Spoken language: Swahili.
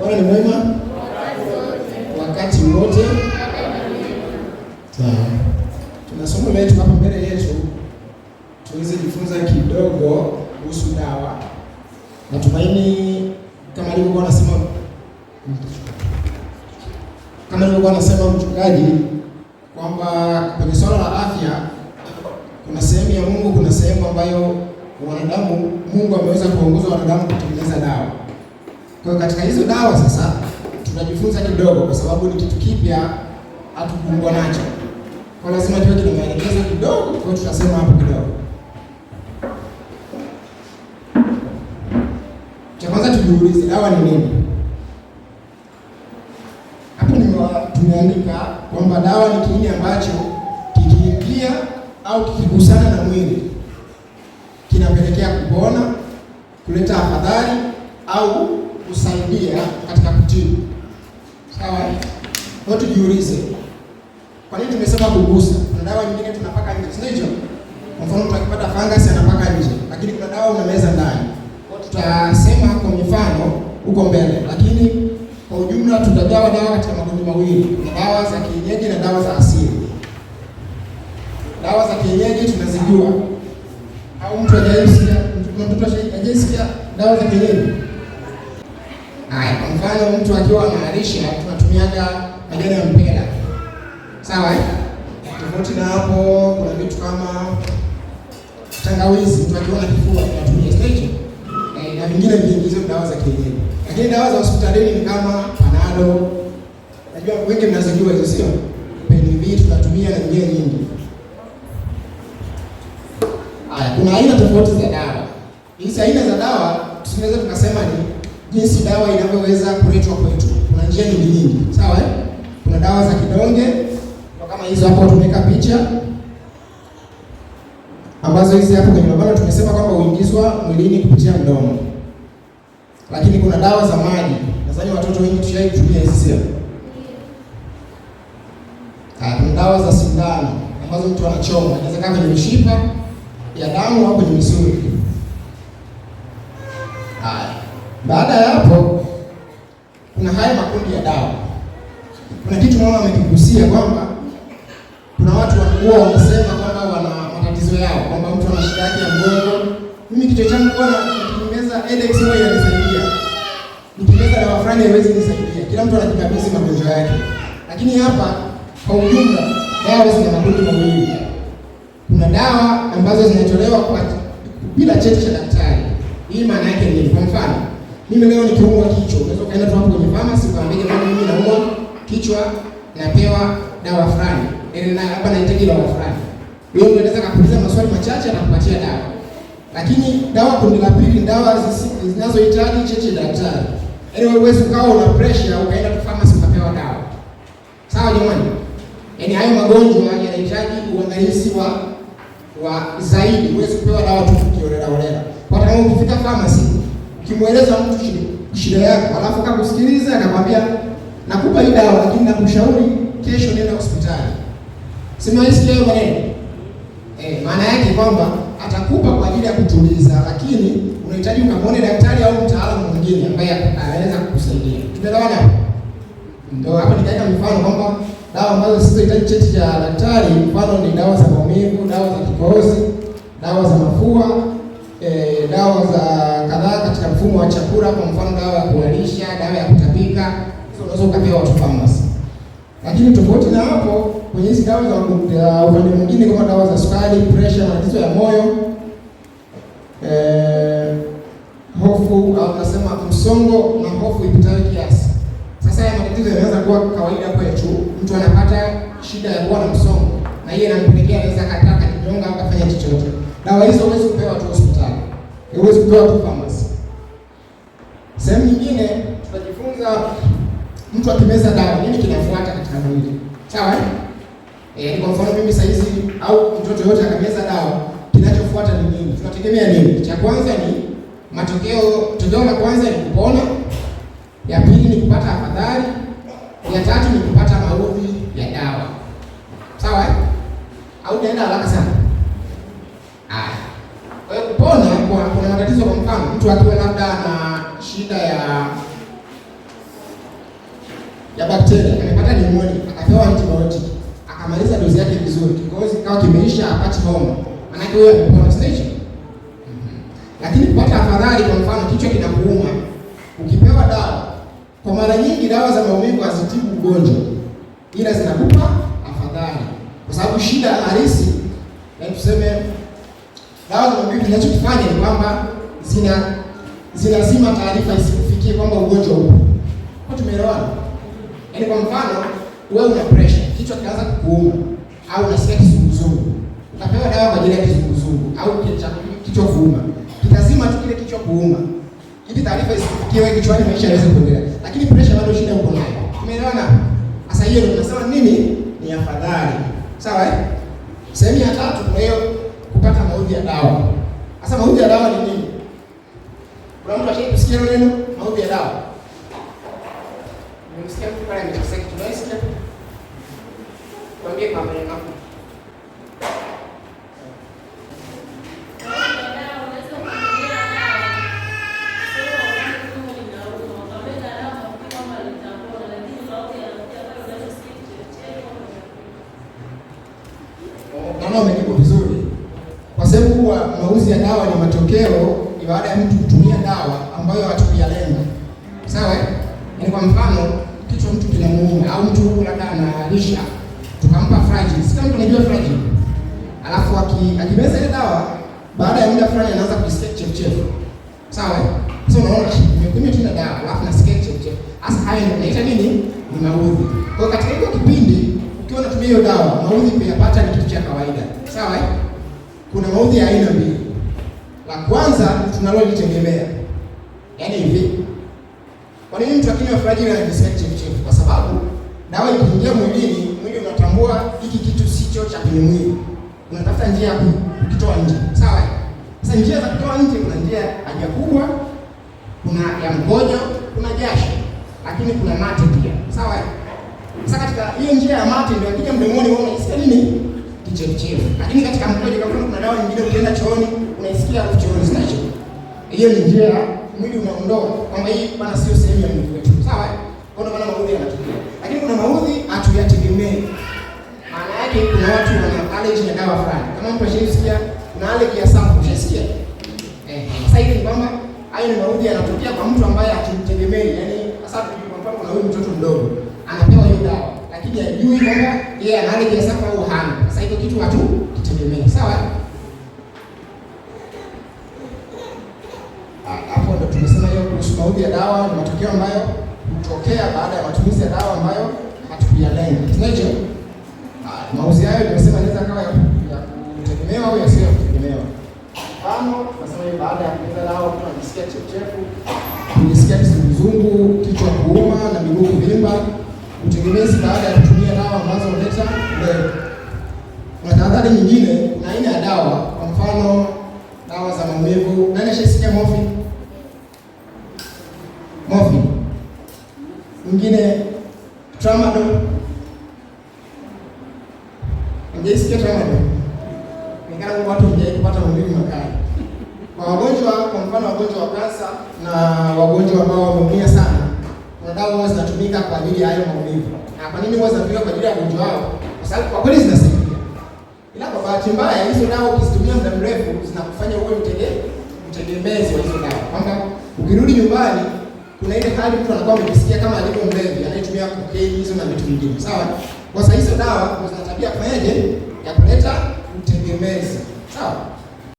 Bwana ni mwema wakati wote. Sawa, tuna somo letu hapa mbele yetu, tuweze jifunza kidogo kuhusu dawa. Natumaini kama alivyokuwa anasema kama alivyokuwa anasema mchungaji kwamba kwenye swala la afya kuna sehemu ya Mungu, kuna sehemu ambayo wanadamu Mungu ameweza kuongoza wanadamu kutengeneza dawa kwa katika hizo dawa sasa tunajifunza kidogo, kwa sababu ni kitu kipya hatukumbwa nacho, kwa lazima tuwe tuna maelekezo kidogo, kwa hiyo tutasema hapo kidogo. Cha kwanza tujiulize, dawa ni nini? Hapo tumeandika kwamba dawa ni kiini ambacho kikiingia au kikigusana na mwili kinapelekea kupona, kuleta afadhali au kusaidia katika kutibu. Sawa? Kwa tujiulize, kwa nini tumesema kugusa? Kuna dawa nyingine tunapaka nje, si ndio? Kwa mfano mtu akipata fangasi anapaka nje, lakini kuna dawa unameza ndani. Kwa tutasema kwa mifano huko mbele, lakini kwa ujumla tutagawa dawa katika makundi mawili, kuna dawa za kienyeji na dawa za asili. Dawa za kienyeji tunazijua, au mtu hajaisikia, mtu mtoto hajaisikia dawa za kienyeji Haya, kwa mfano mtu akiwa anaarisha tunatumiaga majani ya mpera, sawa eh? Tofauti na hapo, kuna vitu kama tangawizi, mtu akiwa na kifua tunatumia stage eh, na vingine vingi, hizo dawa za kienyeji. Lakini dawa za hospitalini ni kama panado, najua wengi mnazijua hizo, sio PNV, tunatumia na nyingine nyingi. Haya, kuna aina tofauti za dawa. Hizi aina za dawa tunaweza tukasema ni jinsi dawa inavyoweza kuletwa kwetu. Kuna njia nyingi nyingi, sawa eh? Kuna dawa za kidonge kama hizo hapo, tumeka picha ambazo hizi hapo kwenye mabano tumesema kwamba huingizwa mwilini kupitia mdomo, lakini kuna dawa za maji. Nadhani watoto wengi tushai kutumia hizi, sio? Ah, kuna dawa za sindano ambazo mtu anachoma, inaweza kama kwenye mishipa ya damu au kwenye misuli Baada ya hapo, kuna haya makundi ya dawa. Kuna kitu mama amekigusia kwamba kuna watu huwa wanasema kwamba wana matatizo yao, kwamba mtu ana shida yake ya mgongo. Mimi kichwa changu bwana, nikimeza Edex huwa inanisaidia, nikimeza dawa fulani haiwezi nisaidia. Kila mtu anajikabidhi magonjwa yake, lakini hapa kwa ujumla dawa zina makundi mawili. Kuna dawa ambazo zinatolewa kwa bila cheti cha daktari. Hii maana yake ni kwa mfano mimi leo nitaumwa kichwa, unaweza kaenda tu hapo kwenye pharmacy ukaambia jamani, mimi naumwa kichwa, napewa dawa fulani, yaani na hapa nahitaji dawa fulani. Wewe unaweza kuuliza maswali machache na kupatia dawa. Lakini dawa kundi la pili, dawa zinazohitaji cheche daktari. Yaani wewe huwezi ukawa una pressure ukaenda tu pharmacy ukapewa dawa. Sawa jamani? Yaani hayo magonjwa yanahitaji uangalizi wa wa zaidi, huwezi kupewa dawa tu kiolela olela. Kwa sababu ukifika pharmacy ukimweleza mtu shida yako, alafu kama usikilize, nakupa hii dawa, lakini nakushauri kesho nenda hospitali. Sema leo maneno eh, maana yake kwamba atakupa kwa ajili ya kutuliza, lakini unahitaji ukamwone daktari au mtaalamu mwingine ambaye anaweza kukusaidia. Tunaelewana hapo? Ndio hapo nikaweka mfano kwamba dawa ambazo zisizohitaji cheti cha daktari, mfano ni dawa za maumivu, dawa za kikohozi, dawa za mafua e, dawa za kadhaa katika mfumo wa chakula, kwa mfano dawa ya kuwalisha, dawa ya kutapika, hizo unaweza ukapewa watu famasi. Lakini tofauti na hapo, kwenye hizi dawa za upande mwingine kama dawa za sukari, pressure, matatizo ya moyo e, hofu au nasema msongo na hofu ipitayo kiasi. Sasa haya matatizo yanaweza kuwa kawaida kwetu, mtu anapata shida ya kuwa na msongo na hiyo inampelekea anaweza akataka kujinyonga au kufanya chochote. Dawa hizo huwezi kupewa tu hospitali huwezi kutoa tu pharmacy. Sehemu nyingine tutajifunza mtu akimeza dawa nini kinafuata katika mwili. Sawa eh? Eh, kwa mfano mimi sasa hizi au mtoto yote akameza dawa, kinachofuata ni nini? Tunategemea nini? Cha kwanza ni matokeo, tokeo la kwanza ni kupona, ya pili ni kupata afadhali, ya tatu ni kupata maudhi ya dawa. Sawa eh? Au naenda haraka sana. Ah. Kwa hiyo kupona kwa kuna tatizo, kwa mfano mtu akiwa labda na shida ya ya bakteria amepata pneumonia, akapewa antibiotic akamaliza dozi yake vizuri, kikohozi kikawa kimeisha, apati homa, maanake huyo amepona stage. Mhm. Lakini kupata afadhali, kwa mfano kichwa kinakuuma, ukipewa dawa, kwa mara nyingi dawa za maumivu hazitibu ugonjwa, ila zinakupa afadhali, kwa sababu shida halisi na tuseme dawa za maumivu kinachokifanya ni kwamba zina zinazima taarifa isikufikie kwamba ugonjwa upo. Kwa tumeelewana? Yaani kwa mfano, wewe una pressure, kichwa kinaanza kukuuma au unasikia kizunguzungu. Utapewa dawa kwa ajili ya kizunguzungu au kichwa kichwa kuuma. Kitazima tu kile kichwa kuuma. Ili taarifa isikufikie wewe kichwani maisha yaweze kuendelea. Lakini pressure bado shida uko nayo. Tumeelewana? Sasa hiyo ndio tunasema nini? Ni afadhali. Sawa eh? Sehemu ya tatu, kwa hiyo kupata maudhi ya dawa. Sasa maudhi ya dawa ni nini? Kuna mtu ashai kusikia neno maombi ya dawa? Nimesikia mtu pale ametikisa kitu na tu. Tuambie kwa maneno yako. Naona umenipo vizuri. Kwa sababu huwa mauzi ya dawa ni matokeo ni baada ya mtu kutumia dawa ambayo hatukuyalenga. Sawa? Ni yaani kwa mfano kichwa mtu kinamuuma au mtu huko labda analisha tukampa fragile. Sasa mtu anajua fragile. Alafu akimeza ile dawa baada ya muda fulani anaanza kujisikia kichefuchefu. Sawa? Sasa unaona nimekunywa tena dawa alafu nasikia kichefuchefu. Sasa haya ndio inaita nini? Ni maudhi. Kwa katika hiyo kipindi ukiwa unatumia hiyo dawa maudhi pia yapata ni kitu cha kawaida. Sawa? Kuna maudhi ya aina mbili. La kwanza tunalojitegemea, yaani hivi, kwa nini mtu akinywa na anajisikia kichefu? Kwa sababu dawa ikiingia mwilini, mwili unatambua hiki kitu sicho cha kwenye mwili, unatafuta njia ya kukitoa nje, sawa? Sasa njia za kutoa nje, kuna njia haja kubwa, kuna ya mkojo, kuna jasho, lakini kuna mate pia, sawa? Sasa katika hiyo njia ya mate ndio akija mdomoni, wewe unasikia nini? kichefuchefu. Lakini katika mkojo kama kuna dawa nyingine ukienda chooni unaisikia harufu chooni zinacho. Hiyo ni njia mwili unaondoa kwamba hii bana sio sehemu ya mwili wetu. Sawa? Kwa maana maudhi yanatokea. Lakini kuna maudhi hatuyategemei. Maana yake kuna watu wana allergy na dawa fulani. Kama mtu ashisikia kuna allergy ya safu, ushasikia? Eh, sasa hivi ni kwamba hayo ni maudhi yanatokea kwa mtu ambaye hatumtegemei. Yaani hasa kwa mfano kuna huyu mtoto mdogo lakini ajui kwamba yeye ana hali ya safa au hana. Sasa hiyo kitu watu kitegemea, sawa. Ah, hapo ndo tumesema hiyo kuhusu maudhi ya dawa na matokeo ambayo hutokea baada ya matumizi ya dawa ambayo hatukuyalenga, sivyo? Ah, Mauzi hayo nimesema inaweza kama ya kutegemewa au yasiyo ya kutegemewa. Mfano, nasema hiyo baada ya kumeza dawa mtu anajisikia chefuchefu, anajisikia kizunguzungu, kichwa kuuma na miguu kuvimba utegemezi baada ya kutumia dawa ambazo huleta leo. Na tahadhari nyingine, kuna aina ya dawa, kwa mfano dawa za maumivu. Nani ashasikia mofi? Mofi mwingine, tramadol. Mjaisikia tramadol? Nikana kwa watu mjai kupata maumivu makali kwa wagonjwa, kwa mfano wagonjwa wa kansa na wagonjwa ambao wameumia sana dawa huwa zinatumika kwa ajili ya hayo maumivu. Na kwa nini huwa zinatumika kwa ajili ya ugonjwa wao? Kwa sababu kwa kweli zinasaidia, ila kwa bahati mbaya hizo dawa ukizitumia muda mrefu zinakufanya uwe mtegemezi wa hizo dawa, kwamba ukirudi nyumbani kuna ile hali mtu anakuwa amejisikia kama alipo mlevi anayetumia kokeini hizo na vitu vingine, sawa. Kwa sababu hizo dawa zina tabia kufanyaje ya kuleta utegemezi, sawa.